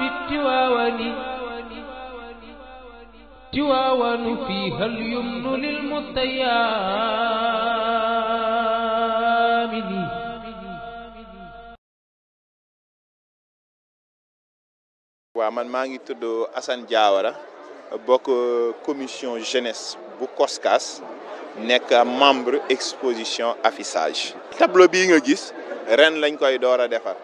waa man maa ngi tudd Assane Diawara bokk commission jeunesse bu COSCAS nekk membre exposition affichage tableau bii nga gis ren lañ koy door a defar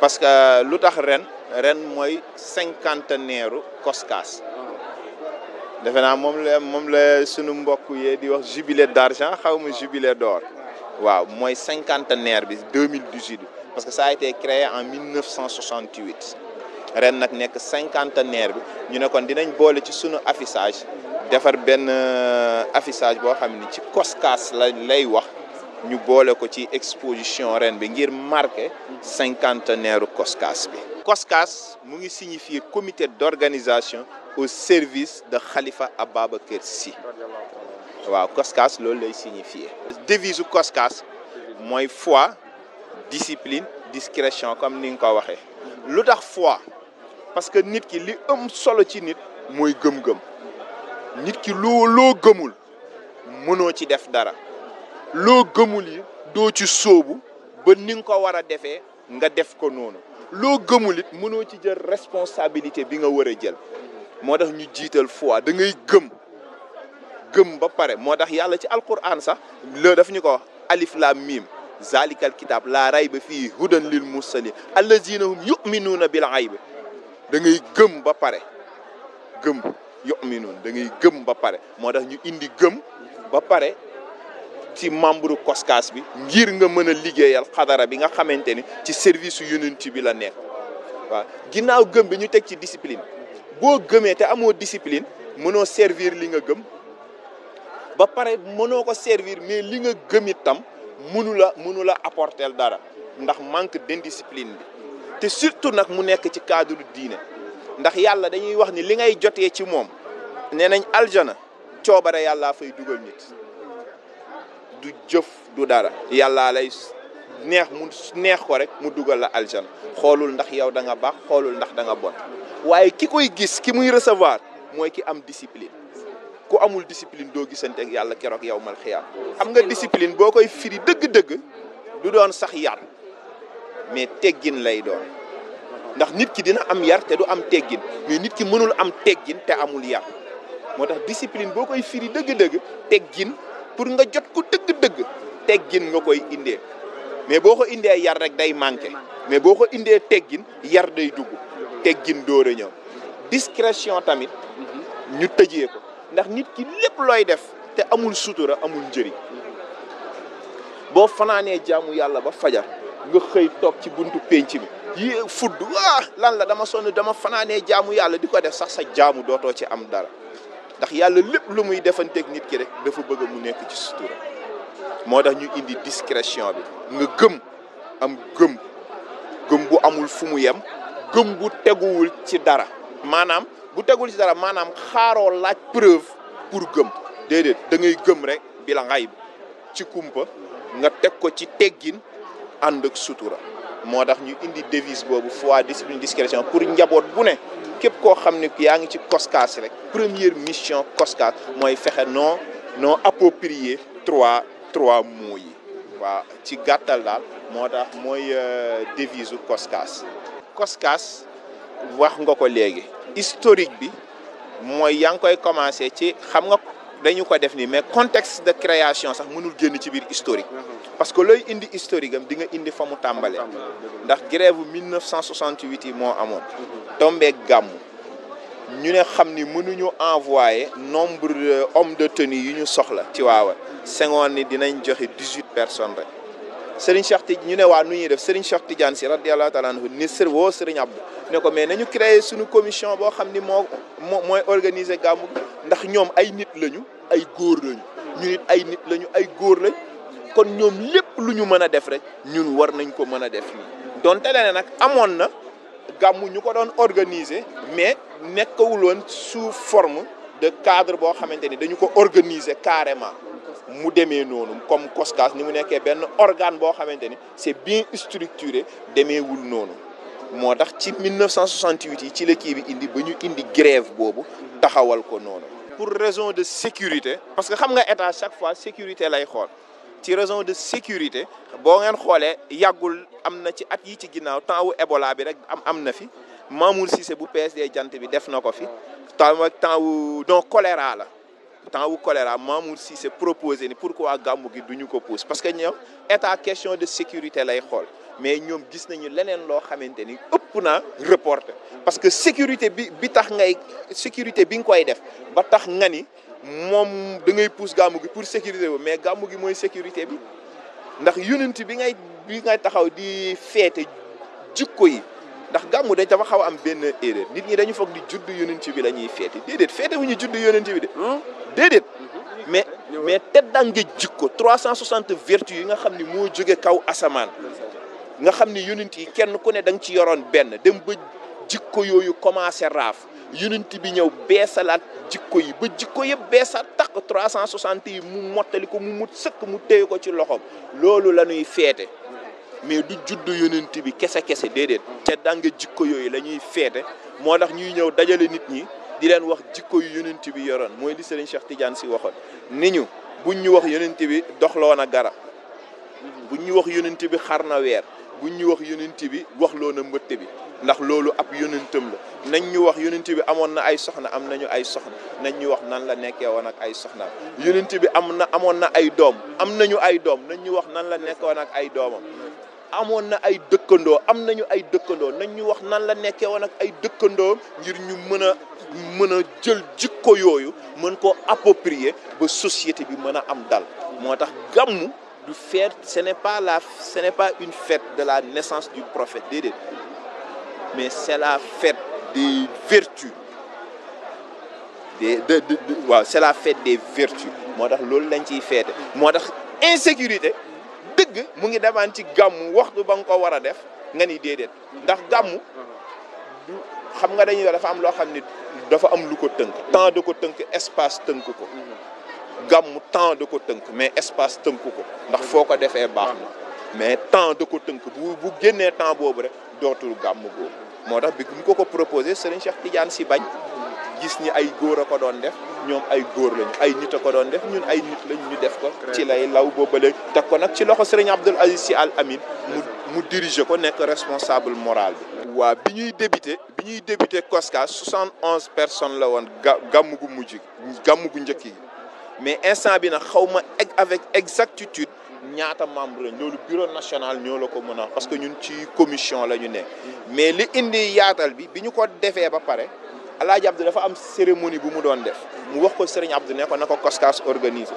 parce que lu tax ren ren mooy cinquantenaire Coskas defe naa moom la moom la sunu mbokk yee di wax jubilé d'argent xaw ma jubilé d'or waaw mooy cinquantenaire bi 2018 parce que ça a été créé en 1968 ren nag nekk cinquantenaire bi ñu ne kon dinañ boole ci sunu affichage defar benn euh, affichage boo xam ni ci koskaas la lay wax ñu boole ko ci exposition ren bi ngir marqué cinquantenaire koskaas bi. COSCAS mu ngi signifier comité d'organisation au service de Khalifa Ababacar si waaw COSCAS loolu lay signifier. devise su COSCAS mooy foi discipline discrétion comme ni nga ko waxee. lu tax foi parce que nit ki li ëm solo ci nit mooy gëm-gëm nit ki loo loo gëmul mënoo ci def dara. loo gëmul yi doo ci sóobu ba ni ko war a defee nga def ko noonu loo gëmul it mënoo ci jël responsabilité bi nga war a jël moo tax ñu jiital foi da ngay gëm gëm ba pare moo tax yàlla ci alquran sax loo daf ñu ko wax alif laam miim zalikal kitab laa rayba fii hudan lil mursalin allazina hum yuminuuna bila aybi da dangay gëm ba pare gëm yuminuun da dangay gëm ba pare moo tax ñu indi gëm ba pare ci membre COSCAS bi ngir nga mën a liggéeyal xadara bi nga xamante ni ci service unité bi la nekk waaw ginnaaw gëm bi ñu teg ci discipline boo gëmee te amoo disipline mënoo servir li nga gëm ba pare mënoo ko servir mais li nga gëm itam mënu la mënu la apporter dara ndax manque d'indiscipline bi te surtout nag mu nekk ci cadre diine ndax yàlla dañuy wax ni li ngay jotee ci moom nee nañ aljana coobare yàlla yàllaa fay dugal nit du jëf du dara yàllaa lay neex mu neex ko rek mu dugal la aljana xoolul ndax yow da nga baax xoolul ndax danga bon waaye ki koy gis ki muy recevoir mooy ki am discipline ku amul discipline doo gisante ak yàlla keroog yow mal xiyaam xam nga discipline boo koy firi dëgg-dëgg du doon sax yar mais teggin lay doon ndax nit ki dina am yar te du am teggin mais nit ki mënul am teggin te amul yar moo tax discipline boo koy firi dëgg-dëgg teggin pour nga jot ko dëgg-dëgg teggin nga koy indee mais boo ko indee yar rek day manqué mais boo ko indee teggin yar day dugg teggin dóor a ñëw discrétion tamit ñu tëjee ko ndax nit ki lépp looy def te amul sutura amul njëriñ boo fanaanee jaamu yàlla ba fajar nga xëy toog ci buntu pénc bi yii fudd waa lan la dama sonn dama fanaanee jaamu yàlla di ko def sax sa jaamu dootoo ci am dara ndax yàlla lépp lu muy defanteeg nit ki rek dafa bëgg mu nekk ci sutura moo tax ñu indi discrétion bi nga gëm am gëm gëm bu amul fu mu yem gëm bu teguwul ci dara maanaam bu teguwul ci dara maanaam xaaroo laaj preuve pour gëm déedéet da ngay gëm rek bila la ngay ci kumpa nga teg ko ci teggin ànd ak sutura moo tax ñu indi devise boobu foi discipline discrétion pour njaboot bu ne képp koo xam ne yaa ngi ci COSCAS rek première mission COSCAS mooy fexe non non approprier trois trois mots yi waaw ci gàttal daal moo tax mooy euh, devise COSCAS. COSCAS wax nga ko léegi historique bi mooy yaa ngi koy commencé ci xam nga. dañu ko def nii mais contexte de création sax mënul génn ci biir historique mhm. parce que looy indi historique am di nga indi fa mu tàmbale ndax grève bu 1968 yi moo amoon tombeeg gàmmu ñu ne xam ni mënuñu envoyé nombre hommes de tenue yu ñu soxla ci waawa Senghor ni dinañ joxe dix-huit personnes rek Serigne Cheikh Tidiane ñu ne nu ñuy def Serigne Cheikh Tidiane si radiyallahu taala anhu ni sër woo Serigne Abdou ne ko mais nañu créer suñu commission boo xam ni moo moo mooy organiser gàmmu ndax ñoom ay nit lañu ay góor lañu ñu nit ay nit lañu ay góor lañ kon ñoom lépp lu ñu mën a def rek ñun war nañ ko mën a def nii donte ne nag amoon na gàmmu ñu ko doon organiser mais nekkawuloon sous forme de cadre boo xamante ni dañu ko organiser carrément mu demee noonu comme COSCAS ni mu nekkee benn organe boo xamante ni c'est bien structuré demeewul noonu moo tax ci 1968 yi ci la kii bi indi ba ñu indi grève boobu taxawal ko noonu. pour raison de sécurité parce que xam nga état chaque fois sécurité lay xool ci raison de sécurité boo ngeen xoolee yàggul am na ci at yi ci ginnaaw temps wu Ebola bi rek am am na fi Mamour Cissé bu PSD jant bi def na ko fi temps temps wu donc choléra la temps wu choléra Mamour Cissé proposé ni pourquoi gàmmu gi duñu ko pousse parce que ñoom état question de sécurité lay xool. mais ñoom gis nañu leneen loo xamante ni ëpp na reporté parce que sécurité bi bi tax ngay sécurité bi nga koy def ba tax nga ni moom dangay ngay pousse gi pour sécurité bi mais gàmmu gi mooy sécurité bi ndax yonent bi ngay bi ngay taxaw di feete jikko yi ndax gàmmu dañ dafa xaw am benn erreur nit ñi dañu foog di judd yonent bi la ñuy feete déedéet feete wu ñu judd yonent bi de hmm? déedéet hmm? mais mais teddange jikko 360 vertu yi nga xam ni moo jóge kaw asamaan nga xam ni yonent yi kenn ku ne da nga ci yoroon benn dem ba jikko yooyu commencé raaf yonent bi ñëw bee salaat jikko yi ba jikko yëpp beesaat tax 360 yi mu mottali ko mu mut sëkk mu téye ko ci loxoom loolu la ñuy feete mais du juddu yonent bi kese kese déedéet te danga jikko yooyu la ñuy feete moo tax ñuy ñëw dajale nit ñi di leen wax jikko yu yonent bi yoroon mooy li Serigne Cheikh Tidiane si waxoon ni ñu buñ ñu wax yonent bi doxloo na gara buñ ñu wax yonent bi xar na weer bu ñu wax yonent bi wax loo na mbëtt bi ndax loolu ab yonentam la nañ ñu wax yonent bi amoon na ay soxna am nañu ay soxna nañ ñu wax nan la nekkee woon ak ay soxnaam yonent bi am na amoon na ay doom am nañu ay doom nañ ñu wax nan la nekkee woon ay doomam amoon na ay dëkkandoo am nañu ay dëkkandoo nañ ñu wax nan la nekkee woon ak ay dëkkandoo ngir ñu mën a mën a jël jikko yooyu mën ko approprier ba société bi mën a am dal moo tax gàmmu du fête ce n'est pas la ce n'est une fête de la naissance du prophète déedéet mais c'est la fête des vertus des de waaw c'est la fête des vertus moo tax loolu lañ ciy feete moo tax insécurité dëgg mu ngi demaan ci gàmmu waxtu ba nga ko war a def nga ni déedéet ndax gàmmu xam nga dañuy dafa am loo xam ni dafa am lu ko tënk temps da ko tënk espace tënk ko gàmmu temps da ko tënk mais espace tënku ko ndax foo ko defee baax na mais temps da ko tënk bu bu génnee temps boobu rek dootul gàmmu góor moo tax bi mu ko ko proposé Serigne Cheikh Tidiane si bañ gis ni ay góor a ko doon def ñoom ay góor lañu ay nit a ko doon def ñun ay nit lañ ñu def ko ci lay law booba le teg ko nag ci loxo Serigne Abdoul Aziz Sy Al Amine mu mu ko nekk responsable moral bi waa bi ñuy débuté bi ñuy débuté COSCA soixante onze personnes la woon ga gàmmu mujj gàmmu njëkk yi mais instant bi nag xaw ma egg avec exactitude ñaata membre lañ loolu bureau national ñoo la ko mën a parce que ñun ci commission la ñu nekk mais li indi yaatal bi bi ñu ko defee ba pare Alaaji Abdou dafa am cérémonie bu mu doon def mu wax ko Serigne Abdou ne ko na ko COSCAS organisé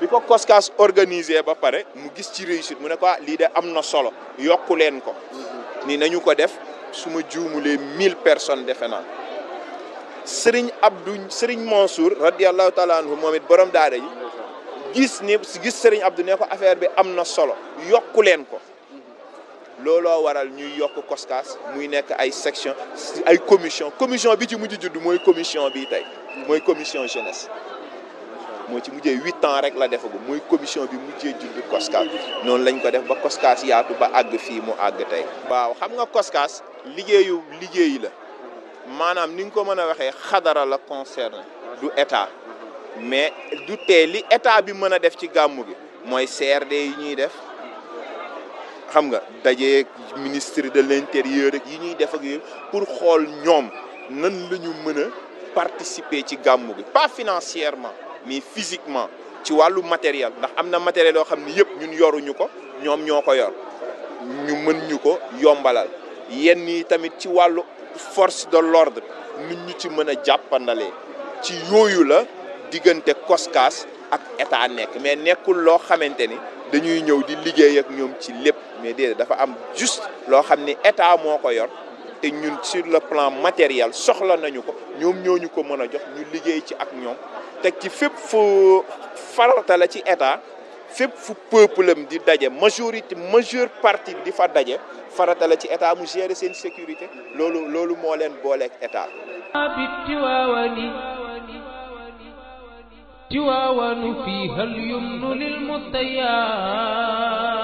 bi ko COSCAS organisé ba pare mu gis ci réussite mu ne ko ah, lii de am na solo yokku leen ko ni nañu ko def su ma juumulee mille personnes defe naa sëriñ Abdou sëriñ Mansour radiallahu taala anhu moom it borom daara yi gis ni gis sëriñ Abdou ne ko affaire bi am na solo yokku leen ko looloo waral ñuy yokk koskaas muy nekk ay section ay commission commission bi ci mujj judd mooy commission bi tey mooy commission jeunesse moo ci mujjee huit ans rek la defagum muy commission bi mujjee judd koskaas noonu lañ ko def ba koskaas yaatu ba àgg fii mu àgg tey waaw xam nga koskaas liggéeyu liggéey la maanaam ni nga ko mën a waxee xadara la concerné du état mais du tee li état bi mën a def ci gàmmu gi mooy CRD yi ñuy def xam nga dajeeg ministre de l'intérieur ak yi ñuy def ak pour xool ñoom nan la ñu mën a participer ci gàmmu gi pas financièrement mais physiquement ci wàllu matériel ndax am na matériel yoo xam ne yëpp ñun yoruñu ko ñoom ñoo ko yor ñu mën ñu ko yombalal yenn yi tamit ci wàllu force de l'ordre nit ñu ci mën a jàppandalee ci yooyu la diggante koskaas ak état nekk mais nekkul loo xamante ni dañuy ñëw di liggéey ak ñoom ci lépp mais déedéet dafa am juste loo xam ni état moo ko yor te ñun sur le plan matériel soxla nañu ko ñoom ñooñu ko mën a jox ñu liggéey ci ak ñoom teg ci fépp fu farata la ci état fépp fu peuple am di daje majorité majeure parti di fa daje farata ci état mu gérer seen sécurité loolu loolu moo leen booleeg état. tiwaawanu fiiha al yumnu lil muttayaa